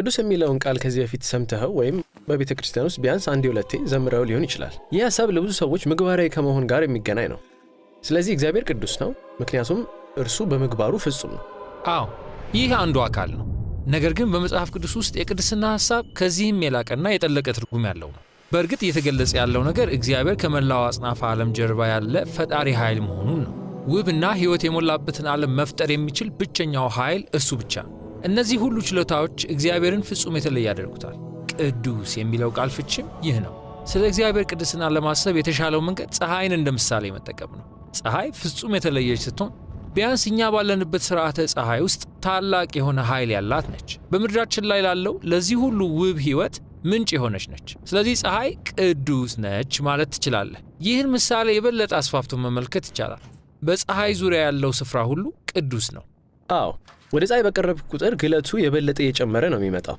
ቅዱስ የሚለውን ቃል ከዚህ በፊት ሰምተኸው ወይም በቤተ ክርስቲያን ውስጥ ቢያንስ አንድ ሁለቴ ዘምረው ሊሆን ይችላል። ይህ ሀሳብ ለብዙ ሰዎች ምግባራዊ ከመሆን ጋር የሚገናኝ ነው። ስለዚህ እግዚአብሔር ቅዱስ ነው፣ ምክንያቱም እርሱ በምግባሩ ፍጹም ነው። አዎ ይህ አንዱ አካል ነው። ነገር ግን በመጽሐፍ ቅዱስ ውስጥ የቅድስና ሀሳብ ከዚህም የላቀና የጠለቀ ትርጉም ያለው ነው። በእርግጥ እየተገለጸ ያለው ነገር እግዚአብሔር ከመላው አጽናፈ ዓለም ጀርባ ያለ ፈጣሪ ኃይል መሆኑን ነው። ውብና ሕይወት የሞላበትን ዓለም መፍጠር የሚችል ብቸኛው ኃይል እሱ ብቻ ነው። እነዚህ ሁሉ ችሎታዎች እግዚአብሔርን ፍጹም የተለየ ያደርጉታል። ቅዱስ የሚለው ቃል ፍችም ይህ ነው። ስለ እግዚአብሔር ቅድስና ለማሰብ የተሻለው መንገድ ፀሐይን እንደ ምሳሌ መጠቀም ነው። ፀሐይ ፍጹም የተለየች ስትሆን ቢያንስ እኛ ባለንበት ስርዓተ ፀሐይ ውስጥ ታላቅ የሆነ ኃይል ያላት ነች። በምድራችን ላይ ላለው ለዚህ ሁሉ ውብ ሕይወት ምንጭ የሆነች ነች። ስለዚህ ፀሐይ ቅዱስ ነች ማለት ትችላለህ። ይህን ምሳሌ የበለጠ አስፋፍቶ መመልከት ይቻላል። በፀሐይ ዙሪያ ያለው ስፍራ ሁሉ ቅዱስ ነው። አዎ፣ ወደ ፀሐይ በቀረብክ ቁጥር ግለቱ የበለጠ እየጨመረ ነው የሚመጣው።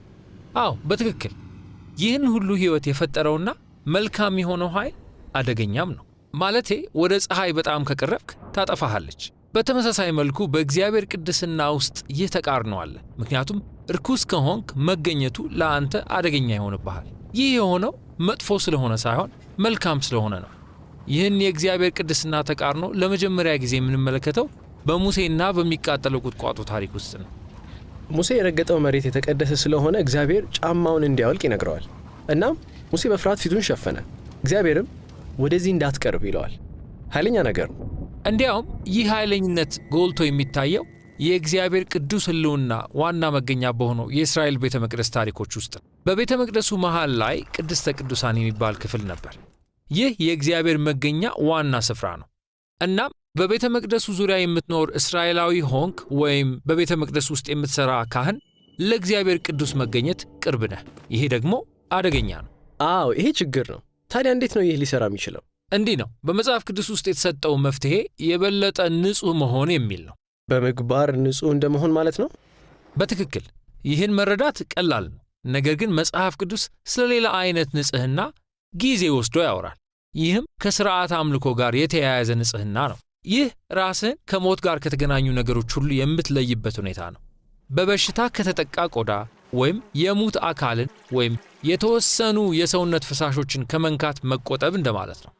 አዎ፣ በትክክል ይህን ሁሉ ህይወት የፈጠረውና መልካም የሆነው ኃይል አደገኛም ነው። ማለቴ ወደ ፀሐይ በጣም ከቀረብክ ታጠፋሃለች። በተመሳሳይ መልኩ በእግዚአብሔር ቅድስና ውስጥ ይህ ተቃርኖ አለ። ምክንያቱም እርኩስ ከሆንክ መገኘቱ ለአንተ አደገኛ ይሆንብሃል። ይህ የሆነው መጥፎ ስለሆነ ሳይሆን መልካም ስለሆነ ነው። ይህን የእግዚአብሔር ቅድስና ተቃርኖ ለመጀመሪያ ጊዜ የምንመለከተው በሙሴና በሚቃጠለው ቁጥቋጦ ታሪክ ውስጥ ነው። ሙሴ የረገጠው መሬት የተቀደሰ ስለሆነ እግዚአብሔር ጫማውን እንዲያወልቅ ይነግረዋል። እናም ሙሴ በፍርሃት ፊቱን ሸፈነ። እግዚአብሔርም ወደዚህ እንዳትቀርብ ይለዋል። ኃይለኛ ነገር ነው። እንዲያውም ይህ ኃይለኝነት ጎልቶ የሚታየው የእግዚአብሔር ቅዱስ ሕልውና ዋና መገኛ በሆነው የእስራኤል ቤተ መቅደስ ታሪኮች ውስጥ ነው። በቤተ መቅደሱ መሃል ላይ ቅድስተ ቅዱሳን የሚባል ክፍል ነበር። ይህ የእግዚአብሔር መገኛ ዋና ስፍራ ነው። እናም በቤተ መቅደሱ ዙሪያ የምትኖር እስራኤላዊ ሆንክ ወይም በቤተ መቅደስ ውስጥ የምትሠራ ካህን ለእግዚአብሔር ቅዱስ መገኘት ቅርብ ነህ። ይሄ ደግሞ አደገኛ ነው። አዎ ይሄ ችግር ነው። ታዲያ እንዴት ነው ይህ ሊሠራ የሚችለው? እንዲህ ነው። በመጽሐፍ ቅዱስ ውስጥ የተሰጠው መፍትሔ የበለጠ ንጹሕ መሆን የሚል ነው። በምግባር ንጹሕ እንደመሆን ማለት ነው። በትክክል ይህን መረዳት ቀላል ነው። ነገር ግን መጽሐፍ ቅዱስ ስለ ሌላ አይነት ንጽሕና ጊዜ ወስዶ ያወራል። ይህም ከሥርዓት አምልኮ ጋር የተያያዘ ንጽሕና ነው። ይህ ራስን ከሞት ጋር ከተገናኙ ነገሮች ሁሉ የምትለይበት ሁኔታ ነው። በበሽታ ከተጠቃ ቆዳ ወይም የሙት አካልን ወይም የተወሰኑ የሰውነት ፈሳሾችን ከመንካት መቆጠብ እንደማለት ነው።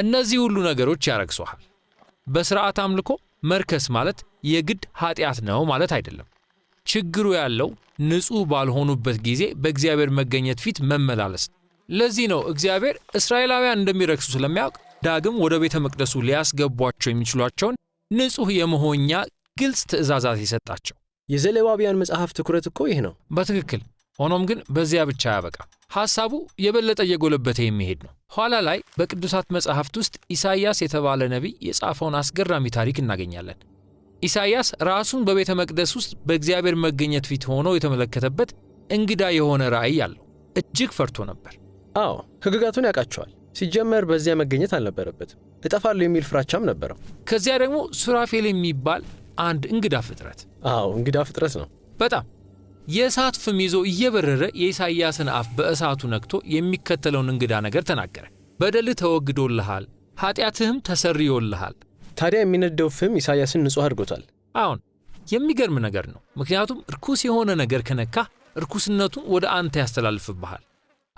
እነዚህ ሁሉ ነገሮች ያረክሱሃል። በሥርዓት አምልኮ መርከስ ማለት የግድ ኃጢአት ነው ማለት አይደለም። ችግሩ ያለው ንጹሕ ባልሆኑበት ጊዜ በእግዚአብሔር መገኘት ፊት መመላለስ ነው። ለዚህ ነው እግዚአብሔር እስራኤላውያን እንደሚረክሱ ስለሚያውቅ ዳግም ወደ ቤተ መቅደሱ ሊያስገቧቸው የሚችሏቸውን ንጹሕ የመሆኛ ግልጽ ትእዛዛት የሰጣቸው። የዘሌዋውያን መጽሐፍ ትኩረት እኮ ይህ ነው በትክክል። ሆኖም ግን በዚያ ብቻ ያበቃ ሐሳቡ የበለጠ እየጎለበተ የሚሄድ ነው። ኋላ ላይ በቅዱሳት መጽሐፍት ውስጥ ኢሳይያስ የተባለ ነቢይ የጻፈውን አስገራሚ ታሪክ እናገኛለን። ኢሳይያስ ራሱን በቤተ መቅደስ ውስጥ በእግዚአብሔር መገኘት ፊት ሆኖ የተመለከተበት እንግዳ የሆነ ራእይ አለው። እጅግ ፈርቶ ነበር። አዎ ሕግጋቱን ያውቃቸዋል። ሲጀመር በዚያ መገኘት አልነበረበትም። እጠፋለሁ የሚል ፍራቻም ነበረው። ከዚያ ደግሞ ሱራፌል የሚባል አንድ እንግዳ ፍጥረት። አዎ እንግዳ ፍጥረት ነው በጣም የእሳት ፍም ይዞ እየበረረ የኢሳይያስን አፍ በእሳቱ ነክቶ የሚከተለውን እንግዳ ነገር ተናገረ። በደልህ ተወግዶልሃል፣ ኃጢአትህም ተሰርዮልሃል። ታዲያ የሚነደው ፍም ኢሳይያስን ንጹሕ አድርጎታል። አሁን የሚገርም ነገር ነው። ምክንያቱም ርኩስ የሆነ ነገር ከነካህ ርኩስነቱን ወደ አንተ ያስተላልፍብሃል።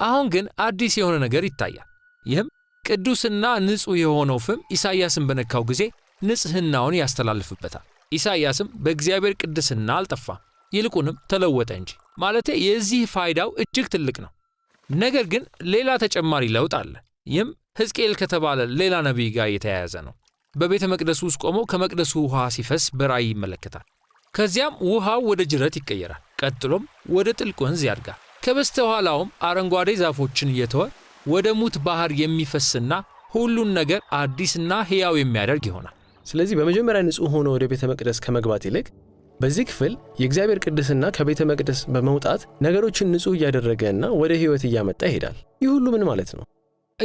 አሁን ግን አዲስ የሆነ ነገር ይታያል። ይህም ቅዱስና ንጹሕ የሆነው ፍም ኢሳይያስን በነካው ጊዜ ንጽሕናውን ያስተላልፍበታል። ኢሳይያስም በእግዚአብሔር ቅድስና አልጠፋም፣ ይልቁንም ተለወጠ እንጂ። ማለቴ የዚህ ፋይዳው እጅግ ትልቅ ነው። ነገር ግን ሌላ ተጨማሪ ለውጥ አለ። ይህም ሕዝቅኤል ከተባለ ሌላ ነቢይ ጋር የተያያዘ ነው። በቤተ መቅደሱ ውስጥ ቆሞ ከመቅደሱ ውሃ ሲፈስ በራእይ ይመለከታል። ከዚያም ውሃው ወደ ጅረት ይቀየራል። ቀጥሎም ወደ ጥልቅ ወንዝ ያድጋል። ከበስተኋላውም አረንጓዴ ዛፎችን እየተወ ወደ ሙት ባህር የሚፈስና ሁሉን ነገር አዲስና ሕያው የሚያደርግ ይሆናል። ስለዚህ በመጀመሪያ ንጹሕ ሆኖ ወደ ቤተ መቅደስ ከመግባት ይልቅ በዚህ ክፍል የእግዚአብሔር ቅድስና ከቤተ መቅደስ በመውጣት ነገሮችን ንጹሕ እያደረገ እና ወደ ሕይወት እያመጣ ይሄዳል። ይህ ሁሉ ምን ማለት ነው?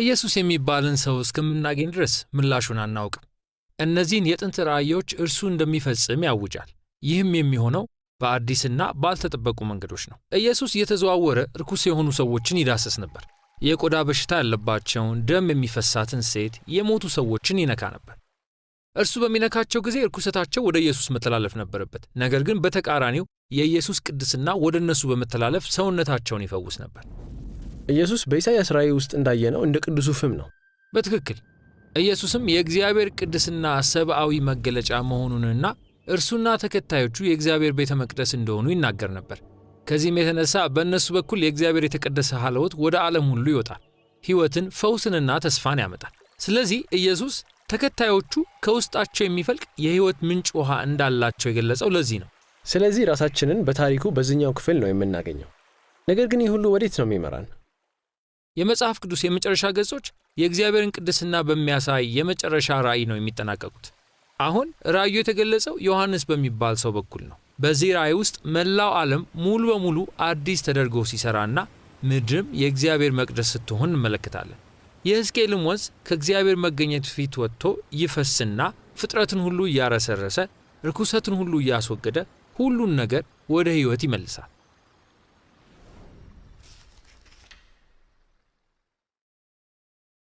ኢየሱስ የሚባልን ሰው እስከምናገኝ ድረስ ምላሹን አናውቅም። እነዚህን የጥንት ራእዮች እርሱ እንደሚፈጽም ያውጃል። ይህም የሚሆነው በአዲስና ባልተጠበቁ መንገዶች ነው። ኢየሱስ እየተዘዋወረ ርኩስ የሆኑ ሰዎችን ይዳሰስ ነበር። የቆዳ በሽታ ያለባቸውን ደም የሚፈሳትን ሴት የሞቱ ሰዎችን ይነካ ነበር። እርሱ በሚነካቸው ጊዜ እርኩሰታቸው ወደ ኢየሱስ መተላለፍ ነበረበት። ነገር ግን በተቃራኒው የኢየሱስ ቅድስና ወደ እነሱ በመተላለፍ ሰውነታቸውን ይፈውስ ነበር። ኢየሱስ በኢሳይያስ ራእይ ውስጥ እንዳየነው እንደ ቅዱሱ ፍም ነው። በትክክል ኢየሱስም የእግዚአብሔር ቅድስና ሰብአዊ መገለጫ መሆኑንና እርሱና ተከታዮቹ የእግዚአብሔር ቤተ መቅደስ እንደሆኑ ይናገር ነበር። ከዚህም የተነሳ በእነሱ በኩል የእግዚአብሔር የተቀደሰ ሀለወት ወደ ዓለም ሁሉ ይወጣል፣ ሕይወትን ፈውስንና ተስፋን ያመጣል። ስለዚህ ኢየሱስ ተከታዮቹ ከውስጣቸው የሚፈልቅ የሕይወት ምንጭ ውሃ እንዳላቸው የገለጸው ለዚህ ነው። ስለዚህ ራሳችንን በታሪኩ በዚህኛው ክፍል ነው የምናገኘው። ነገር ግን ይህ ሁሉ ወዴት ነው የሚመራን? የመጽሐፍ ቅዱስ የመጨረሻ ገጾች የእግዚአብሔርን ቅድስና በሚያሳይ የመጨረሻ ራእይ ነው የሚጠናቀቁት። አሁን ራእዩ የተገለጸው ዮሐንስ በሚባል ሰው በኩል ነው። በዚህ ራእይ ውስጥ መላው ዓለም ሙሉ በሙሉ አዲስ ተደርጎ ሲሰራና ምድርም የእግዚአብሔር መቅደስ ስትሆን እንመለከታለን። የሕዝቅኤልም ወንዝ ከእግዚአብሔር መገኘት ፊት ወጥቶ ይፈስና ፍጥረትን ሁሉ እያረሰረሰ ርኩሰትን ሁሉ እያስወገደ ሁሉን ነገር ወደ ሕይወት ይመልሳል።